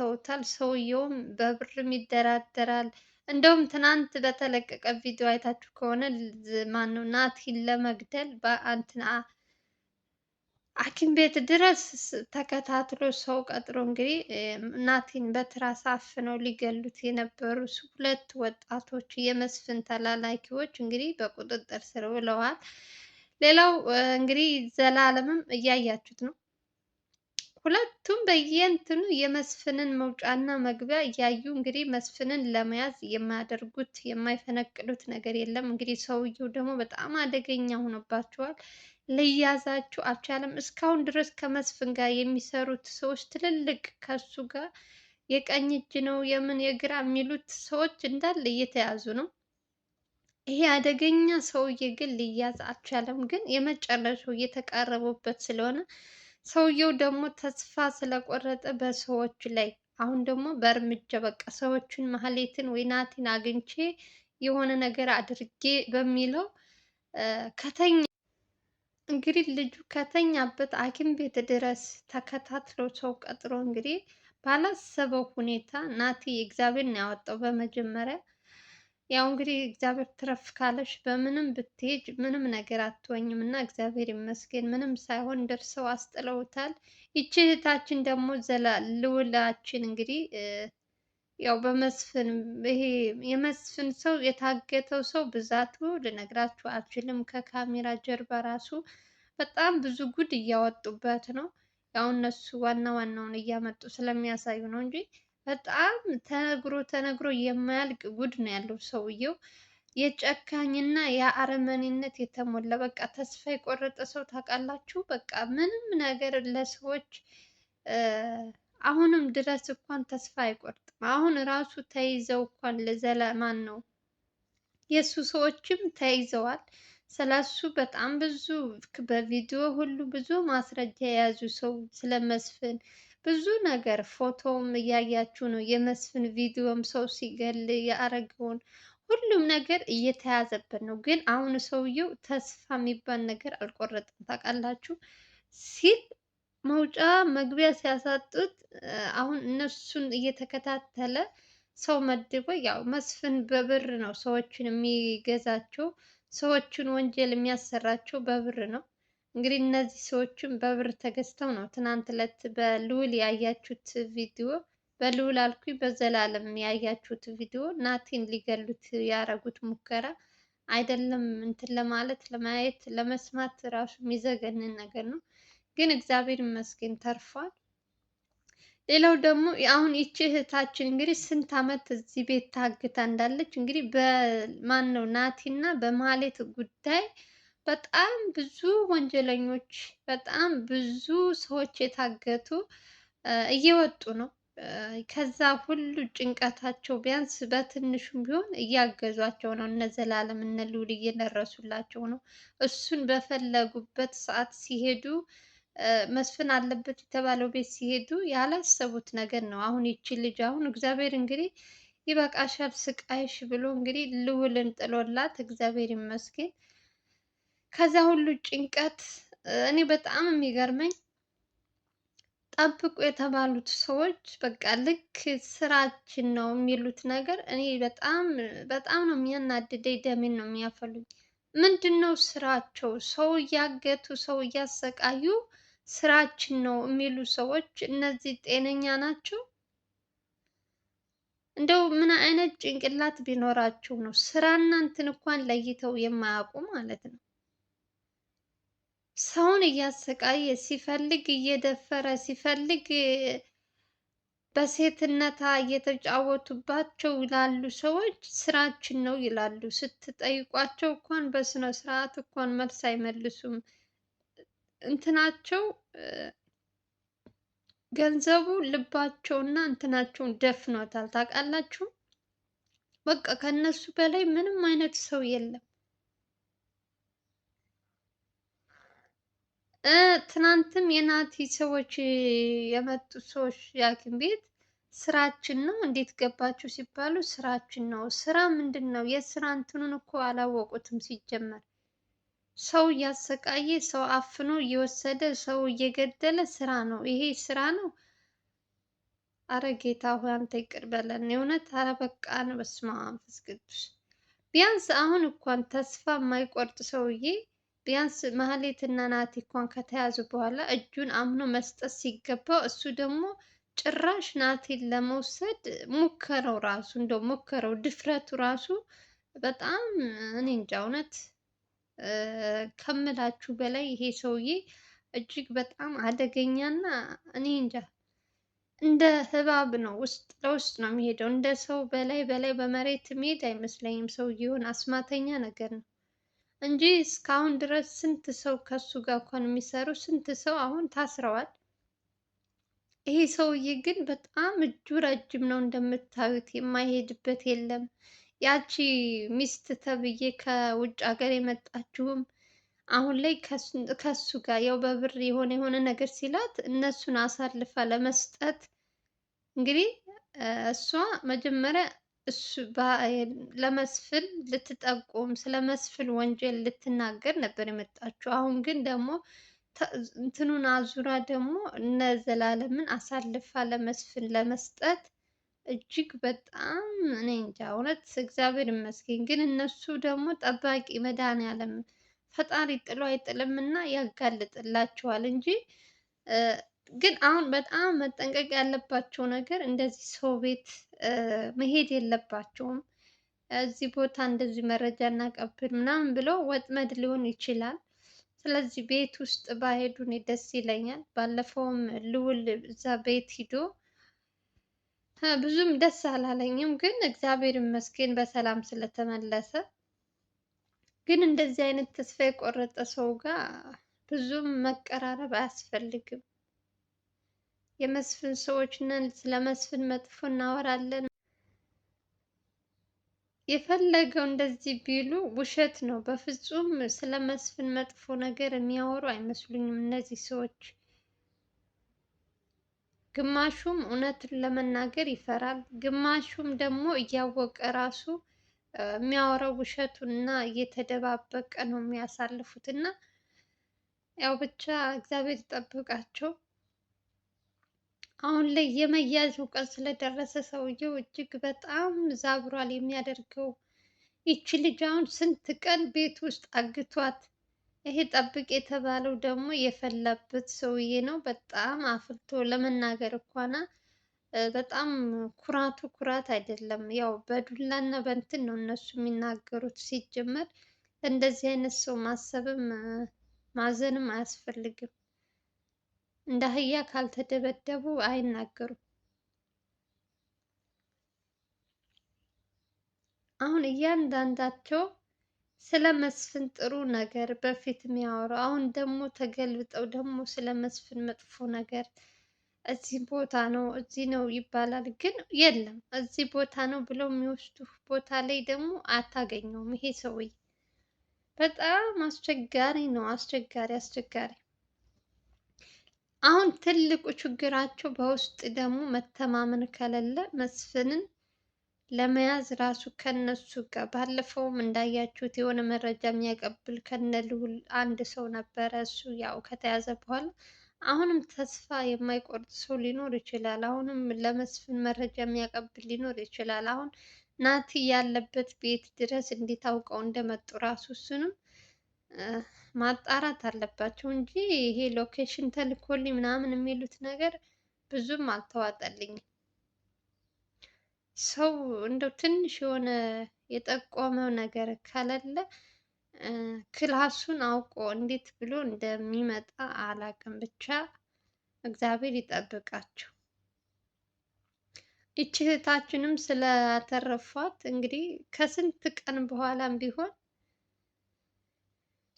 አጥተውታል። ሰውየውም በብርም ይደራደራል። እንደውም ትናንት በተለቀቀ ቪዲዮ አይታችሁ ከሆነ ማነው ናቲን ለመግደል በአንትና ሐኪም ቤት ድረስ ተከታትሎ ሰው ቀጥሮ እንግዲህ ናቲን በትራስ አፍነው ሊገሉት የነበሩ ሁለት ወጣቶች የመስፍን ተላላኪዎች እንግዲህ በቁጥጥር ስር ውለዋል። ሌላው እንግዲህ ዘላለምም እያያችሁት ነው ሁለቱም በየእንትኑ የመስፍንን መውጫና መግቢያ እያዩ እንግዲህ መስፍንን ለመያዝ የማያደርጉት የማይፈነቅሉት ነገር የለም። እንግዲህ ሰውየው ደግሞ በጣም አደገኛ ሆኖባቸዋል። ልያዛችሁ አልቻለም። እስካሁን ድረስ ከመስፍን ጋር የሚሰሩት ሰዎች ትልልቅ ከሱ ጋር የቀኝ እጅ ነው የምን የግራ የሚሉት ሰዎች እንዳለ እየተያዙ ነው። ይሄ አደገኛ ሰውዬ ግን ልያዝ አልቻለም። ግን የመጨረሻው እየተቃረቡበት ስለሆነ ሰውየው ደግሞ ተስፋ ስለቆረጠ በሰዎች ላይ አሁን ደግሞ በእርምጃ በቃ ሰዎችን ማህሌትን ወይ ናቲን አግኝቼ የሆነ ነገር አድርጌ በሚለው ከተኛ እንግዲህ ልጁ ከተኛበት ሐኪም ቤት ድረስ ተከታትሎ ሰው ቀጥሮ እንግዲህ ባላሰበው ሁኔታ ናቲ እግዚአብሔርን ያወጣው በመጀመሪያ ያው እንግዲህ እግዚአብሔር ትረፍ ካለሽ በምንም ብትሄጅ ምንም ነገር አትወኝም እና እግዚአብሔር ይመስገን ምንም ሳይሆን ደርሰው አስጥለውታል። ይቺ እህታችን ደግሞ ልውላችን እንግዲህ ያው በመስፍን ይሄ የመስፍን ሰው የታገተው ሰው ብዛቱ ልነግራችሁ አልችልም። ከካሜራ ጀርባ ራሱ በጣም ብዙ ጉድ እያወጡበት ነው። ያው እነሱ ዋና ዋናውን እያመጡ ስለሚያሳዩ ነው እንጂ በጣም ተነግሮ ተነግሮ የማያልቅ ጉድ ነው ያለው ሰውየው። የጨካኝና የአረመኔነት የተሞላ በቃ ተስፋ የቆረጠ ሰው ታውቃላችሁ። በቃ ምንም ነገር ለሰዎች አሁንም ድረስ እንኳን ተስፋ አይቆርጥም። አሁን ራሱ ተይዘው እንኳን ለዘለማን ነው የእሱ ሰዎችም ተይዘዋል። ስለሱ በጣም ብዙ በቪዲዮ ሁሉ ብዙ ማስረጃ የያዙ ሰው ስለመስፍን ብዙ ነገር ፎቶውም እያያችሁ ነው። የመስፍን ቪዲዮም ሰው ሲገል ያረገውን ሁሉም ነገር እየተያዘበት ነው። ግን አሁን ሰውየው ተስፋ የሚባል ነገር አልቆረጠም። ታውቃላችሁ ሲል መውጫ መግቢያ ሲያሳጡት አሁን እነሱን እየተከታተለ ሰው መድቦ ያው መስፍን በብር ነው ሰዎችን የሚገዛቸው ሰዎችን ወንጀል የሚያሰራቸው በብር ነው። እንግዲህ እነዚህ ሰዎችም በብር ተገዝተው ነው። ትናንት ዕለት በልዑል ያያችሁት ቪዲዮ በልዑል አልኩኝ፣ በዘላለም ያያችሁት ቪዲዮ ናቲን ሊገሉት ያደረጉት ሙከራ አይደለም እንትን ለማለት ለማየት ለመስማት ራሱ የሚዘገንን ነገር ነው። ግን እግዚአብሔር ይመስገን ተርፏል። ሌላው ደግሞ አሁን ይቺ እህታችን እንግዲህ ስንት ዓመት እዚህ ቤት ታግታ እንዳለች እንግዲህ በማን ነው ናቲና በማሌት ጉዳይ በጣም ብዙ ወንጀለኞች በጣም ብዙ ሰዎች የታገቱ እየወጡ ነው። ከዛ ሁሉ ጭንቀታቸው ቢያንስ በትንሹም ቢሆን እያገዟቸው ነው። እነ ዘላለም እነ ልዑል እየደረሱላቸው ነው። እሱን በፈለጉበት ሰዓት ሲሄዱ መስፍን አለበት የተባለው ቤት ሲሄዱ ያላሰቡት ነገር ነው። አሁን ይቺ ልጅ አሁን እግዚአብሔር እንግዲህ ይበቃሻል ስቃይሽ ብሎ እንግዲህ ልዑልን ጥሎላት እግዚአብሔር ይመስገን። ከዛ ሁሉ ጭንቀት እኔ በጣም የሚገርመኝ ጠብቁ የተባሉት ሰዎች በቃ ልክ ስራችን ነው የሚሉት ነገር እኔ በጣም በጣም ነው የሚያናድደኝ፣ ደሜን ነው የሚያፈሉኝ። ምንድን ነው ስራቸው? ሰው እያገቱ ሰው እያሰቃዩ ስራችን ነው የሚሉ ሰዎች እነዚህ ጤነኛ ናቸው? እንደው ምን አይነት ጭንቅላት ቢኖራቸው ነው ስራ እናንትን እንኳን ለይተው የማያውቁ ማለት ነው። ሰውን እያሰቃየ ሲፈልግ እየደፈረ ሲፈልግ በሴትነታ እየተጫወቱባቸው ይላሉ ሰዎች ስራችን ነው ይላሉ። ስትጠይቋቸው እንኳን በስነ ስርዓት እንኳን መልስ አይመልሱም። እንትናቸው ገንዘቡ ልባቸውና እንትናቸውን ደፍኖታል ታውቃላችሁ፣ በቃ ከነሱ በላይ ምንም አይነት ሰው የለም። ትናንትም የናቲ ሰዎች የመጡ ሰዎች ያክን ቤት ስራችን ነው እንዴት ገባችሁ ሲባሉ ስራችን ነው። ስራ ምንድን ነው? የስራ እንትኑን እኮ አላወቁትም ሲጀመር። ሰው እያሰቃየ ሰው አፍኖ እየወሰደ ሰው እየገደለ ስራ ነው ይሄ ስራ ነው። አረ ጌታ ሆይ አንተ ይቅር በለን የእውነት። አረ በቃን። በስመ አብ መንፈስ ቅዱስ። ቢያንስ አሁን እንኳን ተስፋ የማይቆርጥ ሰውዬ ቢያንስ ማህሌትና ናቲ እንኳን ከተያዙ በኋላ እጁን አምኖ መስጠት ሲገባው እሱ ደግሞ ጭራሽ ናቲን ለመውሰድ ሞከረው። ራሱ እንደው ሞከረው ድፍረቱ ራሱ በጣም እኔ እንጃ እውነት ከምላችሁ በላይ ይሄ ሰውዬ እጅግ በጣም አደገኛና እኔ እንጃ እንደ ህባብ ነው ውስጥ ለውስጥ ነው የሚሄደው። እንደ ሰው በላይ በላይ በመሬት የሚሄድ አይመስለኝም። ሰውዬውን አስማተኛ ነገር ነው። እንጂ እስካሁን ድረስ ስንት ሰው ከሱ ጋር እንኳን የሚሰሩ ስንት ሰው አሁን ታስረዋል። ይሄ ሰውዬ ግን በጣም እጁ ረጅም ነው እንደምታዩት፣ የማይሄድበት የለም። ያቺ ሚስት ተብዬ ከውጭ ሀገር የመጣችውም አሁን ላይ ከሱ ጋር ያው በብር የሆነ የሆነ ነገር ሲላት እነሱን አሳልፋ ለመስጠት እንግዲህ እሷ መጀመሪያ እሱ ለመስፍን ልትጠቁም ስለ መስፍን ወንጀል ልትናገር ነበር የመጣችው። አሁን ግን ደግሞ እንትኑን አዙራ ደግሞ እነ ዘላለምን አሳልፋ ለመስፍን ለመስጠት እጅግ በጣም እኔ እንጃ እውነት እግዚአብሔር ይመስገን። ግን እነሱ ደግሞ ጠባቂ መድኃኒዓለም ፈጣሪ ጥሎ አይጥልም እና ያጋልጥላቸዋል እንጂ ግን አሁን በጣም መጠንቀቅ ያለባቸው ነገር እንደዚህ ሰው ቤት መሄድ የለባቸውም። እዚህ ቦታ እንደዚህ መረጃ እናቀብል ምናምን ብለው ወጥመድ ሊሆን ይችላል። ስለዚህ ቤት ውስጥ ባሄዱ እኔ ደስ ይለኛል። ባለፈውም ልውል እዛ ቤት ሂዶ ብዙም ደስ አላለኝም፣ ግን እግዚአብሔር ይመስገን በሰላም ስለተመለሰ። ግን እንደዚህ አይነት ተስፋ የቆረጠ ሰው ጋር ብዙም መቀራረብ አያስፈልግም። የመስፍን ሰዎች ነን፣ ስለ መስፍን መጥፎ እናወራለን። የፈለገው እንደዚህ ቢሉ ውሸት ነው። በፍጹም ስለ መስፍን መጥፎ ነገር የሚያወሩ አይመስሉኝም እነዚህ ሰዎች። ግማሹም እውነቱን ለመናገር ይፈራል፣ ግማሹም ደግሞ እያወቀ ራሱ የሚያወራው ውሸቱን እና እየተደባበቀ ነው የሚያሳልፉት እና ያው ብቻ እግዚአብሔር ይጠብቃቸው። አሁን ላይ የመያዙ ቀን ስለደረሰ ሰውየው እጅግ በጣም ዛብሯል የሚያደርገው። ይቺ ልጅ አሁን ስንት ቀን ቤት ውስጥ አግቷት፣ ይሄ ጠብቅ የተባለው ደግሞ የፈላበት ሰውዬ ነው። በጣም አፍልቶ ለመናገር እንኳን በጣም ኩራቱ ኩራት አይደለም። ያው በዱላና በንትን ነው እነሱ የሚናገሩት። ሲጀመር እንደዚህ አይነት ሰው ማሰብም ማዘንም አያስፈልግም። እንደ አህያ ካልተደበደቡ አይናገሩም። አሁን እያንዳንዳቸው ስለ መስፍን ጥሩ ነገር በፊት የሚያወሩ አሁን ደግሞ ተገልብጠው ደግሞ ስለ መስፍን መጥፎ ነገር እዚህ ቦታ ነው እዚህ ነው ይባላል፣ ግን የለም እዚህ ቦታ ነው ብለው የሚወስዱ ቦታ ላይ ደግሞ አታገኘውም። ይሄ ሰውዬ በጣም አስቸጋሪ ነው። አስቸጋሪ አስቸጋሪ አሁን ትልቁ ችግራቸው በውስጥ ደግሞ መተማመን ከሌለ መስፍንን ለመያዝ ራሱ ከነሱ ጋር ባለፈውም እንዳያችሁት የሆነ መረጃ የሚያቀብል ከነ ልዑል አንድ ሰው ነበረ። እሱ ያው ከተያዘ በኋላ አሁንም ተስፋ የማይቆርጥ ሰው ሊኖር ይችላል። አሁንም ለመስፍን መረጃ የሚያቀብል ሊኖር ይችላል። አሁን ናቲ ያለበት ቤት ድረስ እንዲታውቀው እንደመጡ ራሱ እሱንም ማጣራት አለባቸው እንጂ ይሄ ሎኬሽን ተልኮልኝ ምናምን የሚሉት ነገር ብዙም አልተዋጠልኝም። ሰው እንደው ትንሽ የሆነ የጠቆመው ነገር ከሌለ ክላሱን አውቆ እንዴት ብሎ እንደሚመጣ አላውቅም። ብቻ እግዚአብሔር ይጠብቃቸው። ይች እህታችንም ስለተረፏት እንግዲህ ከስንት ቀን በኋላም ቢሆን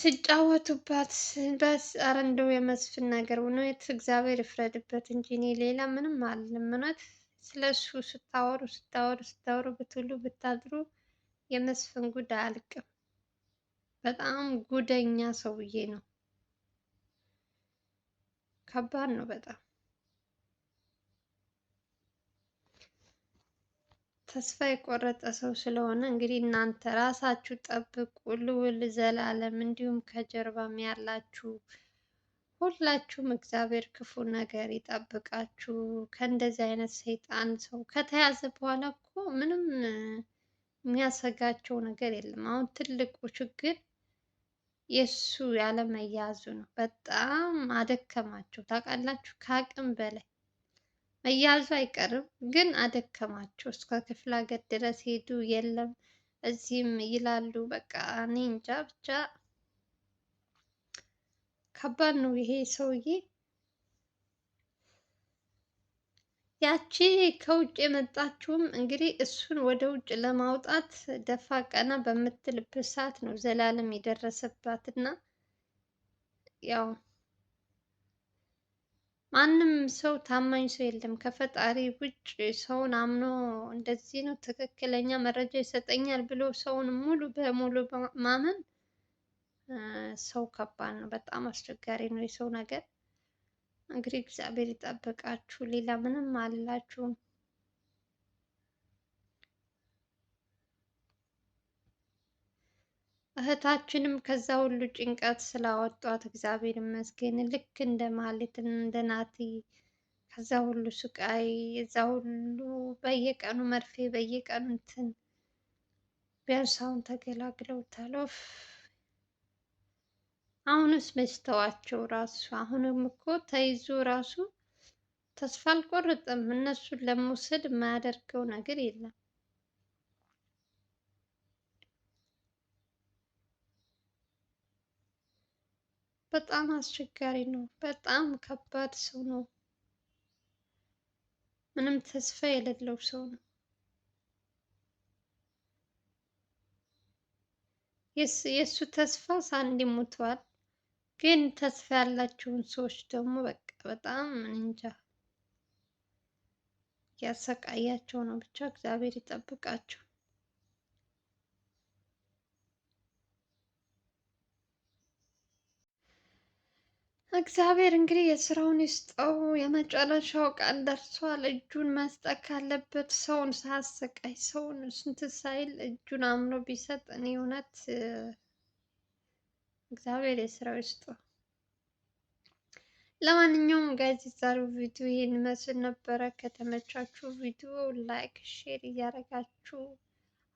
ሲጫወቱባት በስ ኧረ እንደው የመስፍን ነገር እውነት እግዚአብሔር ይፍረድበት እንጂ እኔ ሌላ ምንም አለም። እውነት ስለ እሱ ስታወሩ ስታወሩ ስታወሩ ብትውሉ ብታድሩ የመስፍን ጉድ አያልቅም። በጣም ጉደኛ ሰውዬ ነው። ከባድ ነው በጣም ተስፋ የቆረጠ ሰው ስለሆነ እንግዲህ እናንተ ራሳችሁ ጠብቁ። ልዑል ዘላለም፣ እንዲሁም ከጀርባም ያላችሁ ሁላችሁም እግዚአብሔር ክፉ ነገር ይጠብቃችሁ። ከእንደዚህ አይነት ሰይጣን ሰው ከተያዘ በኋላ እኮ ምንም የሚያሰጋቸው ነገር የለም። አሁን ትልቁ ችግር የእሱ ያለመያዙ ነው። በጣም አደከማቸው ታውቃላችሁ፣ ከአቅም በላይ መያዙ አይቀርም ግን አደከማቸው። እስከ ክፍለ ሀገር ድረስ ሄዱ፣ የለም እዚህም ይላሉ። በቃ እኔ እንጃ ብቻ ከባድ ነው ይሄ ሰውዬ። ያቺ ከውጭ የመጣችውም እንግዲህ እሱን ወደ ውጭ ለማውጣት ደፋ ቀና በምትልበት ሰዓት ነው ዘላለም የደረሰባት እና ያው ማንም ሰው ታማኝ ሰው የለም ከፈጣሪ ውጭ። ሰውን አምኖ እንደዚህ ነው ትክክለኛ መረጃ ይሰጠኛል ብሎ ሰውን ሙሉ በሙሉ ማመን ሰው ከባድ ነው። በጣም አስቸጋሪ ነው የሰው ነገር። እንግዲህ እግዚአብሔር ይጠብቃችሁ። ሌላ ምንም አላችሁም። እህታችንም ከዛ ሁሉ ጭንቀት ስላወጧት እግዚአብሔር ይመስገን። ልክ እንደ ማህሌት እንደ ናቲ ከዛ ሁሉ ስቃይ እዛ ሁሉ በየቀኑ መርፌ በየቀኑ እንትን ቢያንስ አሁን ተገላግለውታል። አሁንስ መስተዋቸው ራሱ አሁንም እኮ ተይዞ ራሱ ተስፋ አልቆረጠም። እነሱን ለመውሰድ የማያደርገው ነገር የለም። በጣም አስቸጋሪ ነው። በጣም ከባድ ሰው ነው። ምንም ተስፋ የሌለው ሰው ነው። የእሱ ተስፋ ሳንዲ ሞተዋል። ግን ተስፋ ያላቸውን ሰዎች ደግሞ በቃ በጣም እንጃ ያሰቃያቸው ነው። ብቻ እግዚአብሔር ይጠብቃቸው። እግዚአብሔር እንግዲህ የስራውን ይስጠው። የመጨረሻው ቀን ደርሷል። እጁን መስጠት ካለበት ሰውን ሳያሰቃይ ሰውን ስንት ሳይል እጁን አምኖ ቢሰጥ እኔ እውነት እግዚአብሔር የስራው ይስጠው። ለማንኛውም ጋይዝ ዛሬው ቪዲዮ ይህን ይመስል ነበረ። ከተመቻችሁ ቪዲዮ ላይክ፣ ሼር እያደረጋችሁ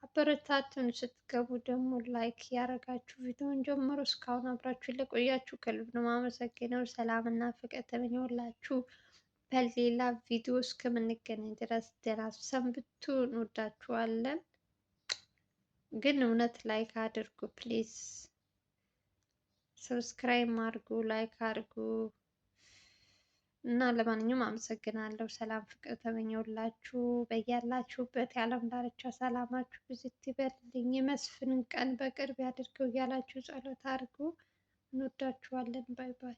አበረታቱን። ስትገቡ ደግሞ ላይክ ያደረጋችሁ ቪዲዮን ጀምሮ እስካሁን አብራችሁ ለቆያችሁ ከልብ ነው ማመሰግነው። ሰላም እና ፍቅር ተመኘሁላችሁ። በሌላ ቪዲዮ እስከምንገናኝ ድረስ ደህና ሰንብቱ። እንወዳችኋለን። ግን እውነት ላይክ አድርጉ ፕሊዝ። ሰብስክራይብ አድርጉ፣ ላይክ አድርጉ። እና ለማንኛውም አመሰግናለሁ። ሰላም ፍቅር ተመኘውላችሁ። በያላችሁበት የዓለም ዳርቻ ሰላማችሁ ብዙ ይበልልኝ። የመስፍንን ቀን በቅርብ ያድርገው እያላችሁ ጸሎት አድርጉ። እንወዳችኋለን። ባይ ባይ።